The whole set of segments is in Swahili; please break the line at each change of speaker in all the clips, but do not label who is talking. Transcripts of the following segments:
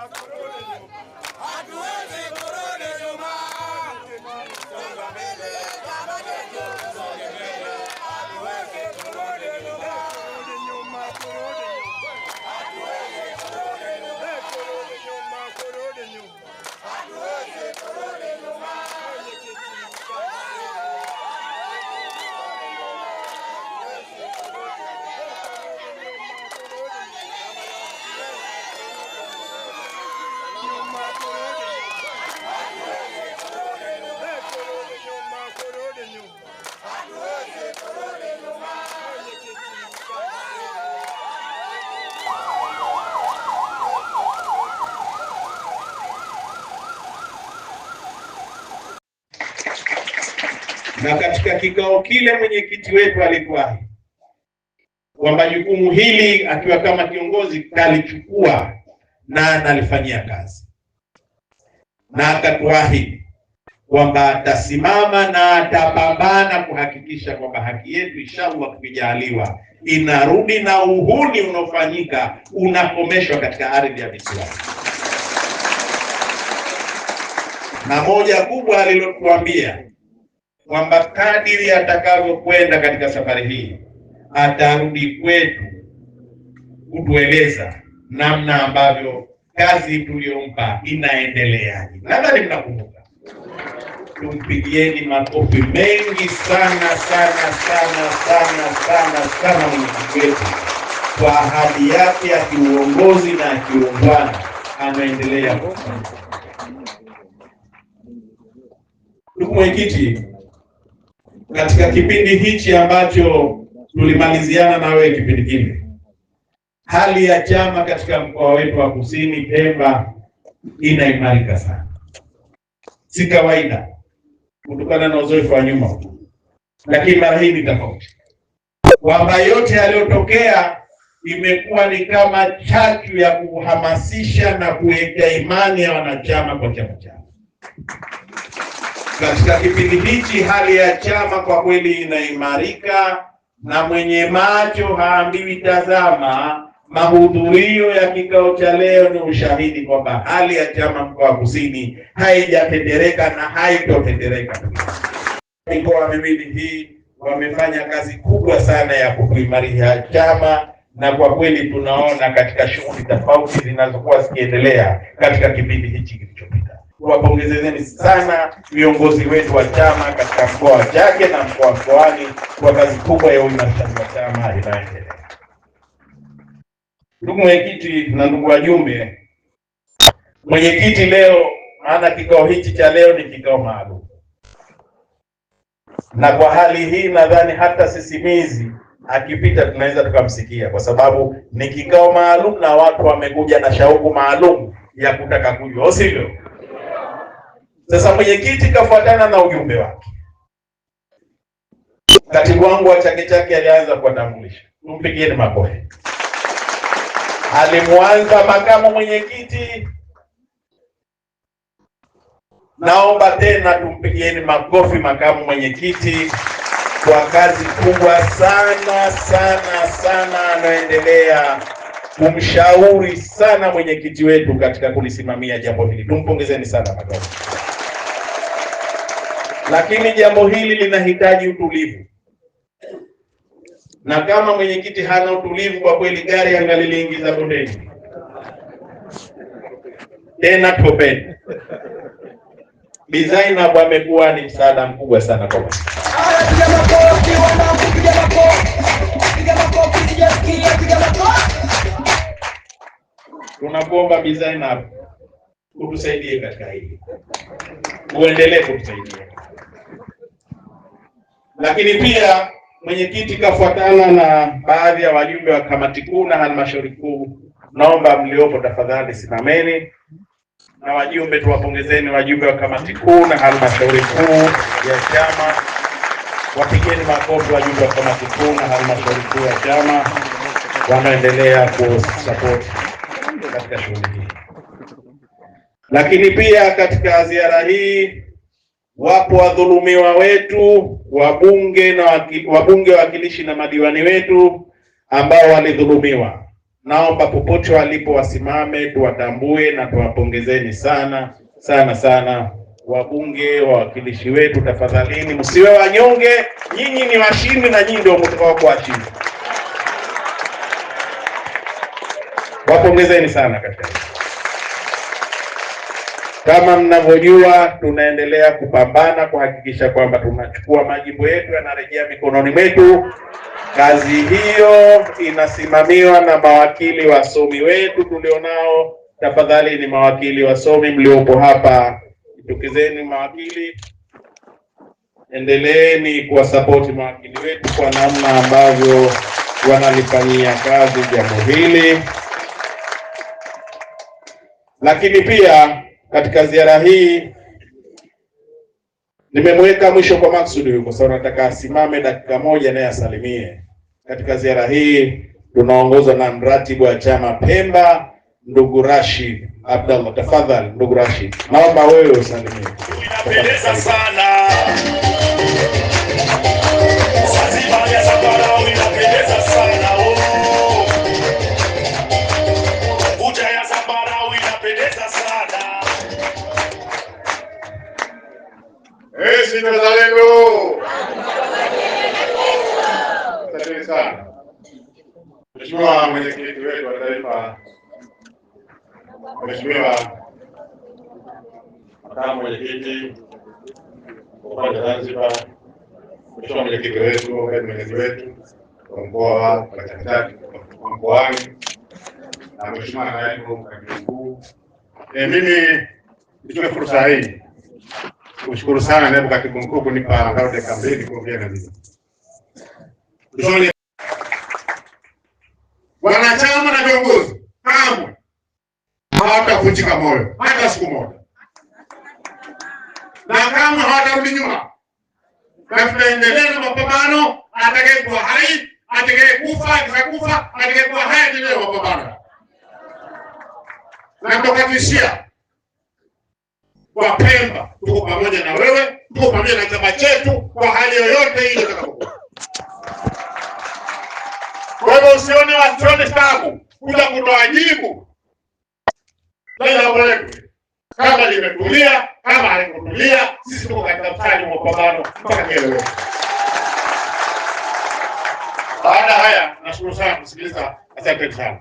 Rock. Na katika kikao kile mwenyekiti wetu alikuwa kwamba jukumu hili akiwa kama kiongozi kalichukua na analifanyia kazi, na akatuahidi kwamba atasimama na atapambana kuhakikisha kwamba haki yetu inshallah tukijaliwa inarudi na uhuni unaofanyika unakomeshwa katika ardhi ya Misri. Na moja kubwa alilotuambia kwamba kadiri atakavyokwenda katika safari hii atarudi kwetu kutueleza namna ambavyo kazi tuliyompa inaendeleaje. Nadhani mnakumbuka. Tumpigieni makofi mengi sana sana sana sana sana sana mwenyekiti wetu kwa ahadi yake ya kiuongozi na kiungwana, anaendelea. Ndugu mwenyekiti katika kipindi hichi ambacho tulimaliziana na wewe kipindi kile, hali ya chama katika mkoa wetu wa Kusini Pemba inaimarika sana, si kawaida kutokana na uzoefu wa nyuma, lakini mara hii ni tofauti, kwamba yote yaliyotokea imekuwa ni kama chachu ya kuhamasisha na kuweka imani ya wanachama kwa chama chao. Katika kipindi hichi hali ya chama kwa kweli inaimarika, na mwenye macho haambiwi tazama. Mahudhurio ya kikao cha leo ni ushahidi kwamba hali ya chama mkoa wa Kusini haijatendereka na haitotendereka. Mikoa miwili hii wamefanya kazi kubwa sana ya kuimarisha chama na kwa kweli tunaona katika shughuli tofauti zinazokuwa zikiendelea katika kipindi hichi kilichopita. Wapongezezeni sana viongozi wetu wa chama katika mkoa wa Njombe na mkoa wa Mkoani kwa kazi kubwa ya uimarishaji wa chama inayoendelea. Ndugu mwenyekiti na ndugu wajumbe, mwenyekiti leo, maana kikao hichi cha leo ni kikao maalum, na kwa hali hii nadhani hata sisimizi akipita tunaweza tukamsikia, kwa sababu ni kikao maalum na watu wamekuja na shauku maalum ya kutaka kujua, sivyo? Sasa mwenyekiti kafuatana na ujumbe wake. Katibu wangu wa Chake Chake alianza kuwatambulisha, tumpigieni makofi. Alimwanza makamu mwenyekiti, naomba tena tumpigieni makofi makamu mwenyekiti kwa kazi kubwa sana sana sana anaendelea kumshauri sana mwenyekiti wetu katika kulisimamia jambo hili. Tumpongezeni sana makamu lakini jambo hili linahitaji utulivu, na kama mwenyekiti hana utulivu, kwa kweli gari angaliliingiza bondeni tena topeni. Designer amekuwa ni msaada mkubwa sana kwa tunakuomba Bizaina utusaidie katika hili, uendelee kutusaidia. Lakini pia mwenyekiti kafuatana na baadhi ya wajumbe wa kamati kuu na halmashauri kuu, naomba mliopo tafadhali simameni, na wajumbe tuwapongezeni wajumbe wa kamati kuu na halmashauri kuu ya chama. Wapigeni makofi wajumbe wa kamati kuu na halmashauri kuu ya chama wanaendelea kusapoti katika shughuli hii. Lakini pia katika ziara hii Wapo wadhulumiwa wetu wabunge na waki, wabunge wawakilishi na madiwani wetu ambao walidhulumiwa, naomba popote walipo wasimame, tuwatambue na tuwapongezeni sana sana sana. Wabunge wawakilishi wetu, tafadhalini msiwe wanyonge, nyinyi ni washindi na nyinyi ndio mtakao kuachini. Wapongezeni sana katika kama mnavyojua, tunaendelea kupambana kuhakikisha kwamba tunachukua majimbo yetu yanarejea mikononi mwetu. Kazi hiyo inasimamiwa na mawakili wasomi wetu tulionao. Tafadhali ni mawakili wasomi mliopo hapa, jitokezeni mawakili, endeleeni kuwasapoti mawakili wetu kwa namna ambavyo wanalifanyia kazi jambo hili, lakini pia katika ziara hii nimemweka mwisho kwa maksudi huyu, kwa sababu nataka asimame dakika moja naye asalimie. Katika ziara hii tunaongozwa na mratibu wa chama Pemba, ndugu Rashid Abdallah. Tafadhali ndugu Rashid, naomba wewe usalimie. Inapendeza sana
Mheshimiwa mwenyekiti wetu wa taifa, Mheshimiwa makamu mwenyekiti upande Zanzibar, Mheshimiwa mwenyekiti wetu mwenyekiti wetu wa mkoa wa Tanzania mkoani na Mheshimiwa naibu katibu mkuu. E, mimi nichukue fursa hii kushukuru sana naibu katibu mkuu kunipa angalau dakika mbili kuongea na mimi wanachama na viongozi kamwe hawatavunjika moyo hata siku moja, na kamwe hawatarudi nyuma, na tutaendelea na mapambano. Atakayekuwa hai, atakayekufa, akitakufa, atakayekuwa hai, aendelee mapambano na tukatishia kwa Pemba, tuko pamoja na wewe, tuko pamoja na chama chetu kwa hali yoyote ile itakapokuwa kwa usione wasione sababu kuja kutoa jibu kama limetulia kama halikutulia. Sisi tuko katika mstari wa mapambano mpaka kelele. Baada haya, nashukuru sana kusikiliza. Asante sana.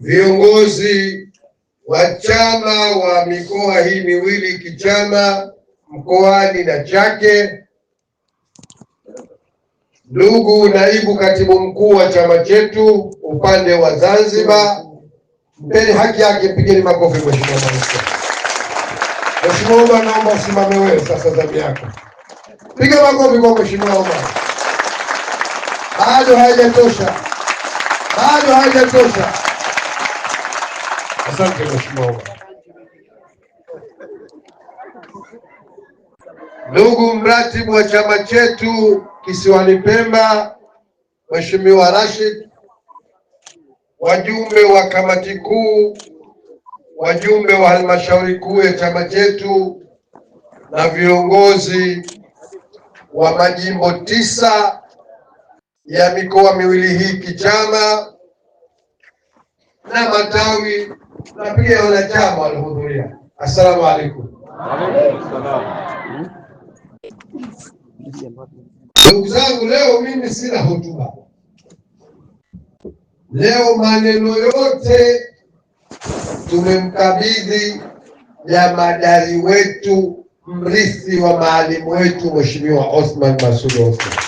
Viongozi wa chama wa mikoa hii miwili Kichama mkoani na Chake Ndugu naibu katibu mkuu wa chama chetu upande wa Zanzibar, mpeni haki yake, pigeni makofi mheshimiwa. Mheshimiwa Omar, naomba usimame wewe sasa, zamu yako, piga makofi kwa mheshimiwa Omar. Bado haijatosha, bado haijatosha. Asante mheshimiwa Omar. Ndugu mratibu wa chama chetu kisiwani Pemba, Mheshimiwa Rashid, wajumbe wa kamati kuu, wajumbe wa halmashauri kuu ya chama chetu na viongozi wa majimbo tisa ya mikoa miwili hii kichama na matawi na pia wanachama walihudhuria. Assalamu alaikum. Ndugu zangu, leo mimi sina hotuba. Leo maneno yote tumemkabidhi jamadari wetu, mrithi wa maalimu wetu, Mheshimiwa Othman Masoud Othman.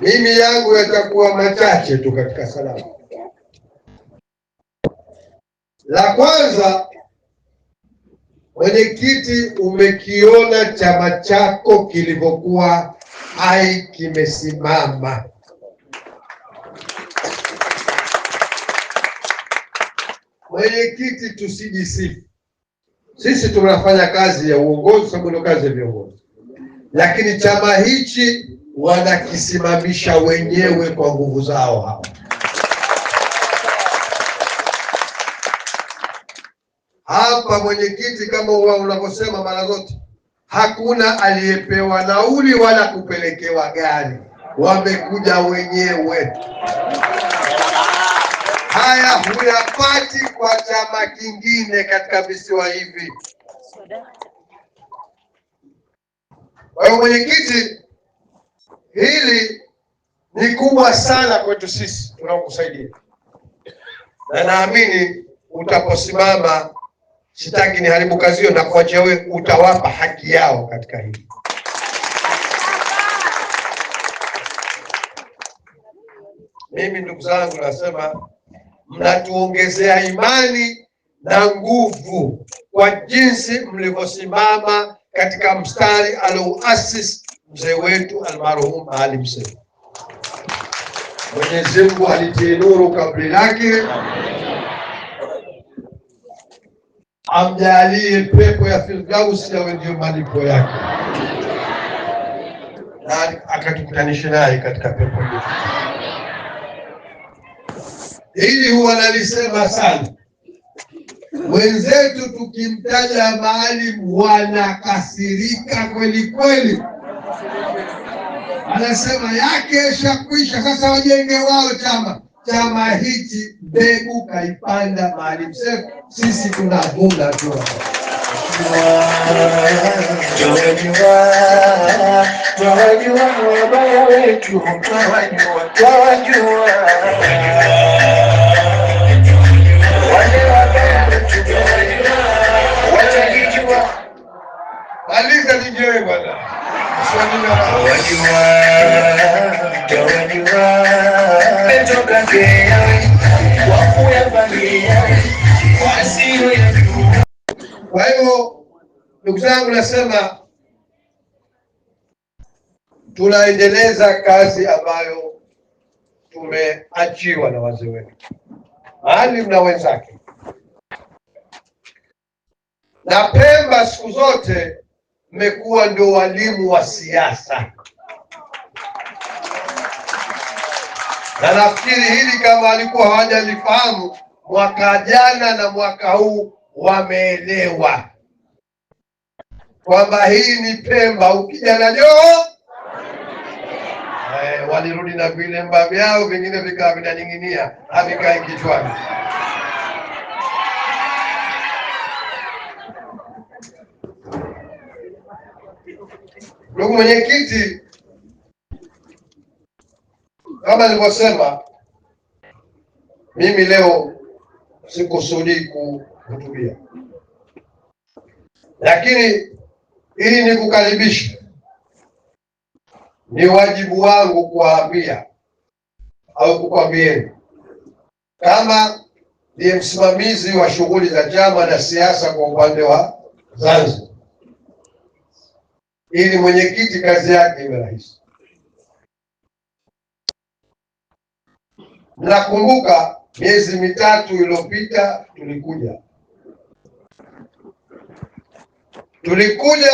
Mimi yangu yatakuwa machache tu katika salamu. La kwanza Mwenyekiti, umekiona chama chako kilivyokuwa hai, kimesimama. Mwenyekiti, tusijisifu sisi, tunafanya kazi ya uongozi sababu ndio kazi ya viongozi, lakini chama hichi wanakisimamisha wenyewe kwa nguvu zao hapa. Hapa mwenyekiti, kama huwa unavyosema mara zote, hakuna aliyepewa nauli wala kupelekewa gari, wamekuja wenyewe. Haya huyapati kwa chama kingine katika visiwa hivi. Kwa hiyo mwenyekiti, hili ni kubwa sana kwetu sisi tunaokusaidia, na naamini utaposimama sitaki niharibu kazi hiyo na kuachia wewe, utawapa haki yao katika hili. Mimi ndugu zangu, nasema mnatuongezea imani na nguvu kwa jinsi mlivyosimama katika mstari alouasisi mzee wetu almarhum Maalim Seif. Mwenyezi Mungu alitie nuru kabri lake amjalie pepo ya Firdausi yawe ndiyo malipo yake, na akatukutanisha naye katika pepo hiyo. Hili huwa nalisema sana wenzetu, tukimtaja maalim wanakasirika kweli kweli, anasema yake shakwisha, sasa wajenge wao chama chama hichi mbegu kaipanda Maalim Seif, sisi tunavuna tu. maliza ninyewe bwana kwa hiyo ndugu zangu, nasema tunaendeleza kazi ambayo tumeachiwa na wazee wetu, Maalim na wenzake, na Pemba siku zote mmekuwa ndio walimu wa siasa. na nafikiri hili kama walikuwa hawajalifahamu mwaka jana na mwaka huu wameelewa kwamba hii ni Pemba. Ukija na joo eh, walirudi na vilemba vyao, vingine vikawa vinaning'inia havikae kichwani. Ndugu mwenyekiti kama nilivyosema, mimi leo sikusudii kuhutubia, lakini ili nikukaribishe, ni wajibu wangu kuwaambia au kukwambieni kama ndiye msimamizi wa shughuli za chama na siasa kwa upande wa Zanzibar, ili mwenyekiti kazi yake iwe rahisi Mnakumbuka miezi mitatu iliyopita tulikuja tulikuja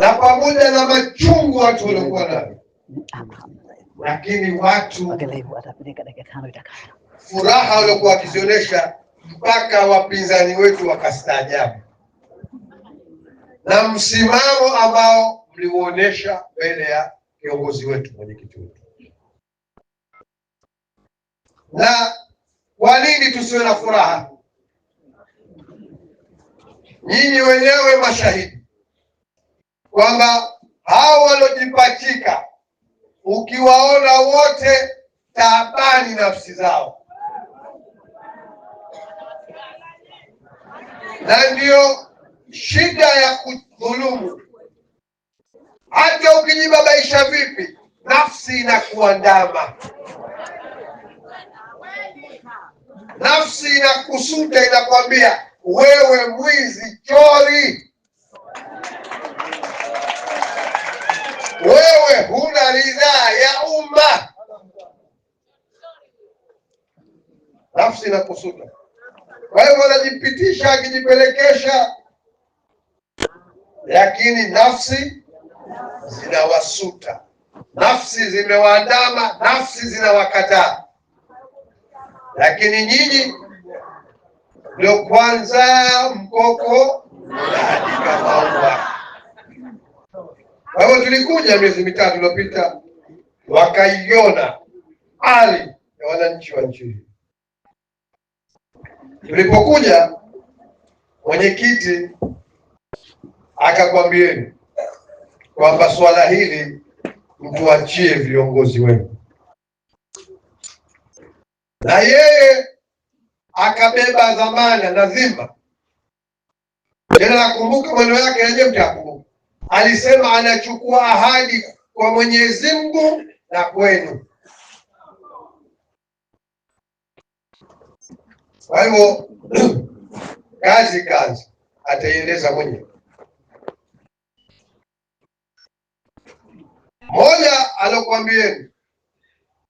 na pamoja na machungu watu waliokuwa nayo, lakini watu furaha waliokuwa wakizionyesha mpaka wapinzani wetu wakastaajabu na msimamo ambao mliuonyesha mbele ya kiongozi wetu, mwenyekiti wetu na kwa nini tusiwe na furaha? Nyinyi wenyewe mashahidi kwamba hao waliojipachika, ukiwaona wote taabani nafsi zao, na ndiyo shida ya kudhulumu. Hata ukijibabaisha vipi, nafsi inakuandama. Nafsi inakusuta inakwambia, wewe mwizi, chori, wewe huna ridhaa ya umma. Nafsi inakusuta, kwa hivyo anajipitisha akijipelekesha, lakini nafsi zinawasuta, nafsi zimewaandama, nafsi zinawakataa lakini nyinyi ndio kwanza mkoko katika maua. Kwa hiyo tulikuja miezi mitatu iliyopita, wakaiona hali ya wananchi wa nchi hii. Tulipokuja mwenyekiti akakwambieni kwamba swala hili mtuachie viongozi wenu na yeye akabeba dhamana na dhima. Tena nakumbuka maneno yake najemtakumbuka, alisema anachukua ahadi kwa Mwenyezi Mungu na kwenu. Kwa hivyo kazi kazi ataieleza mwenye Moja alokwambieni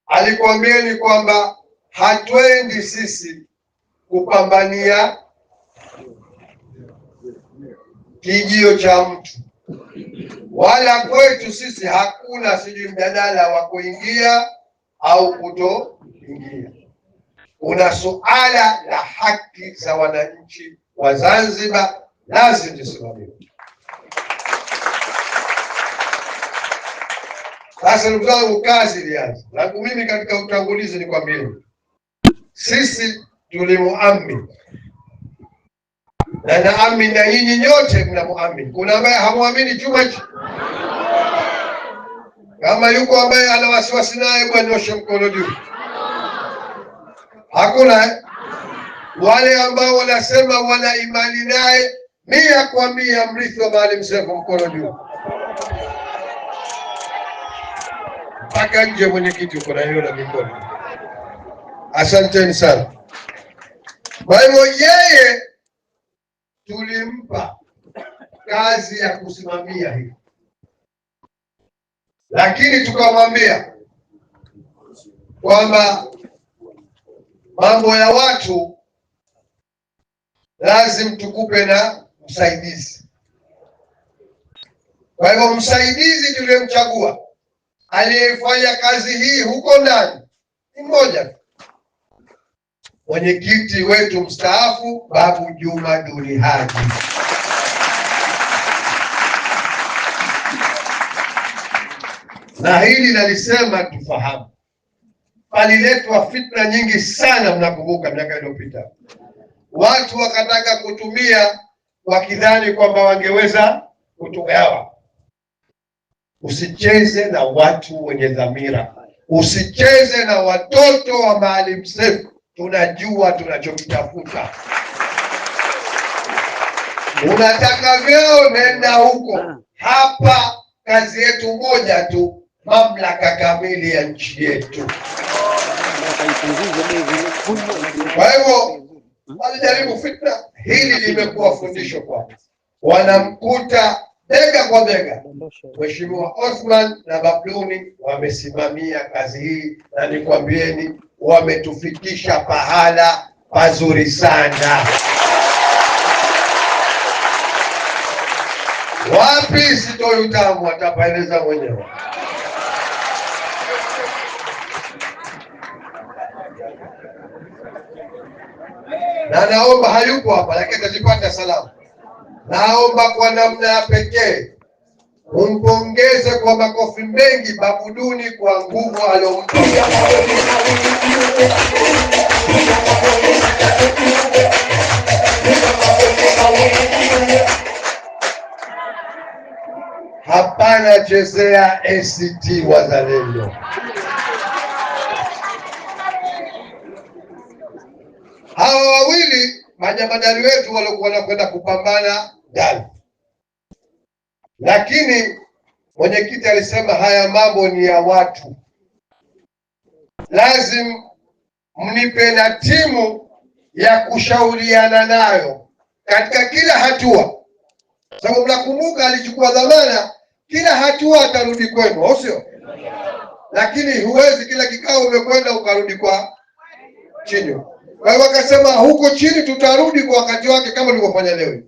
alikwambieni kwamba Hatwendi sisi kupambania kijio cha mtu, wala kwetu sisi hakuna sijui mjadala wa kuingia au kutoingia. Kuna suala la haki za wananchi wa Zanzibar lazima lisimamiwe. Sasa ndugu zangu, kazi ilianza. Langu mimi katika utangulizi ni kwambie sisi tulimuamini na naamini na nyinyi nyote mnamuamini. Kuna ambaye hamwamini chuma hichi? Kama yuko ambaye ana wasiwasi naye, bwanyoshe mkono juu. Hakuna eh? wale ambao wanasema wana imani naye mia kwa mia, mrithi wa Maalim Seif, mkono juu mpaka nje. Mwenyekiti uko na hiyo na mikono Asanteni sana. Kwa hivyo yeye tulimpa kazi ya kusimamia hii lakini tukamwambia kwamba mambo ya watu lazim tukupe na msaidizi. Kwa hivyo msaidizi tuliyemchagua aliyefanya kazi hii huko ndani ni mmoja mwenyekiti wetu mstaafu Babu Juma Duli Haji. Na hili nalisema tufahamu, paliletwa fitna nyingi sana, mnakumbuka miaka iliyopita, watu wakataka kutumia wakidhani kwamba wangeweza kutugawa. Usicheze na watu wenye dhamira, usicheze na watoto wa Maalim Seif tunajua tunachokitafuta. Unataka vyeo, nenda huko. Hapa kazi yetu moja tu, mamlaka kamili ya nchi yetu. Kwa hivyo walijaribu fitna, hili limekuwa fundisho kwa wanamkuta bega kwa bega. Mheshimiwa Othman na Babluni wamesimamia kazi hii, na nikwambieni wametufikisha pahala pazuri sana. Wapi sitoi utamu, atapaeleza mwenyewe. Na naomba hayupo hapa, lakini atazipata salamu. Naomba kwa namna ya pekee Umpongeze kwa makofi mengi babuduni kwa nguvu aliyompa. Hapana chezea ACT Wazalendo. Hawa wawili majamadari wetu waliokuwa wanakwenda kupambana Dali lakini mwenyekiti alisema haya mambo ni ya watu, lazim mnipe na timu ya kushauriana nayo katika kila hatua, sababu mnakumbuka alichukua dhamana, kila hatua atarudi kwenu, au sio? Lakini huwezi kila kikao umekwenda ukarudi kwa chini. Kwa hiyo wakasema huko chini tutarudi kwa wakati wake, kama tulivyofanya leo,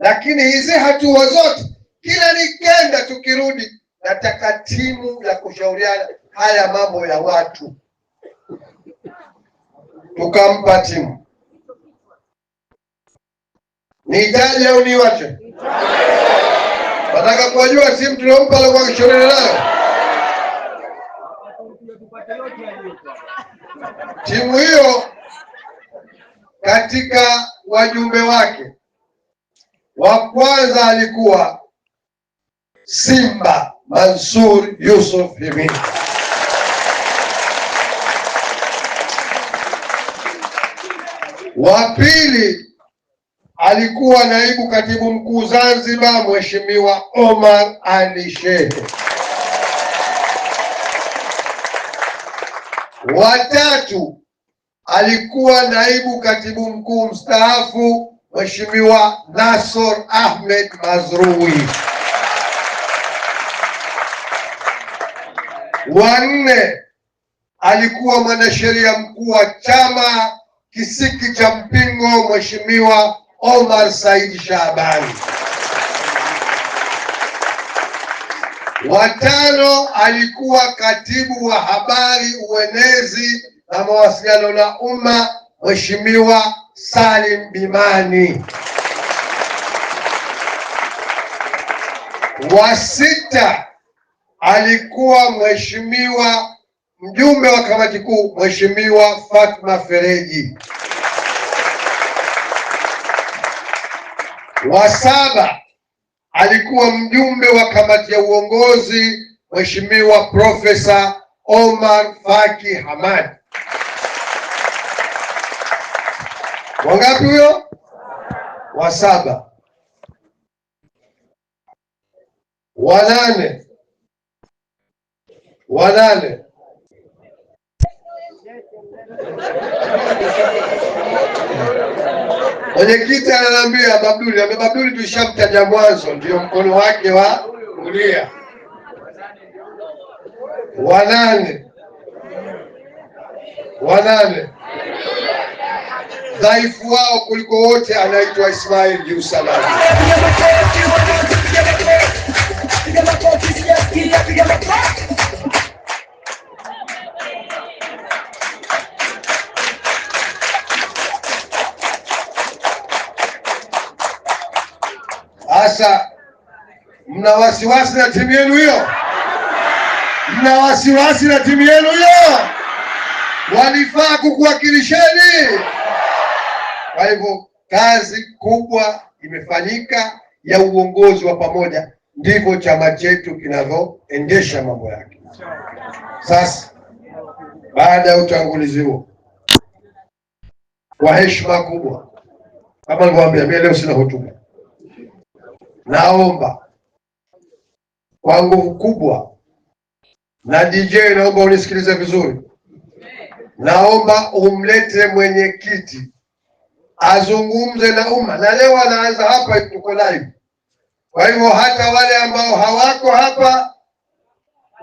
lakini hizi hatua zote kila nikenda tukirudi, nataka timu ya kushauriana haya mambo ya watu. Tukampa timu, nitaje au niwache? Nataka kuwajua timu tuliompa la kushauriana nayo timu hiyo katika wajumbe wake wa kwanza alikuwa Simba Mansur Yusuf Yemin. Wa pili alikuwa naibu katibu mkuu Zanzibar, Mheshimiwa Omar Ali Shehe. Watatu alikuwa naibu katibu mkuu mstaafu Mheshimiwa Nasor Ahmed Mazrui. Wanne, alikuwa mwanasheria mkuu wa chama kisiki cha mpingo Mheshimiwa Omar Said Shaabani. Watano, alikuwa katibu wa habari, uenezi na mawasiliano na umma Mheshimiwa Salim Bimani. Wa sita alikuwa mheshimiwa mjumbe wa kamati kuu, mheshimiwa Fatma Fereji. Wa saba alikuwa mjumbe wa kamati ya uongozi, mheshimiwa Profesa Omar Faki Hamad. Wangapi huyo? Wa saba. Wanane Walale mwenyekiti ananiambia Babduli, na Babduli tulishamtaja mwanzo, ndio mkono wake wa kulia. Wanane, wanane, dhaifu wao kuliko wote anaitwa Ismail juu Sasa mna wasiwasi na timu yenu hiyo? Mna wasiwasi na timu yenu hiyo? Walifaa kukuwakilisheni. Kwa hivyo kazi kubwa imefanyika ya uongozi wa pamoja, ndivyo chama chetu kinavyoendesha mambo yake. Sasa baada ya utangulizi huo, kwa heshima kubwa, kama nilivyowaambia, mimi leo sina hotuba naomba kwa nguvu kubwa, na DJ naomba unisikilize vizuri, naomba umlete mwenyekiti azungumze na umma, na leo anaanza hapa, tuko live. Kwa hivyo hata wale ambao hawako hapa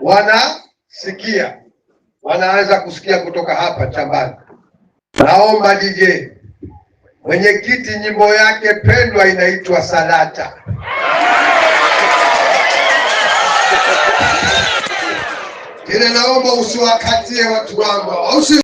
wanasikia, wanaweza kusikia kutoka hapa Chambani. Naomba DJ Mwenyekiti nyimbo yake pendwa inaitwa Salata. Tena naomba usiwakatie watu wangu,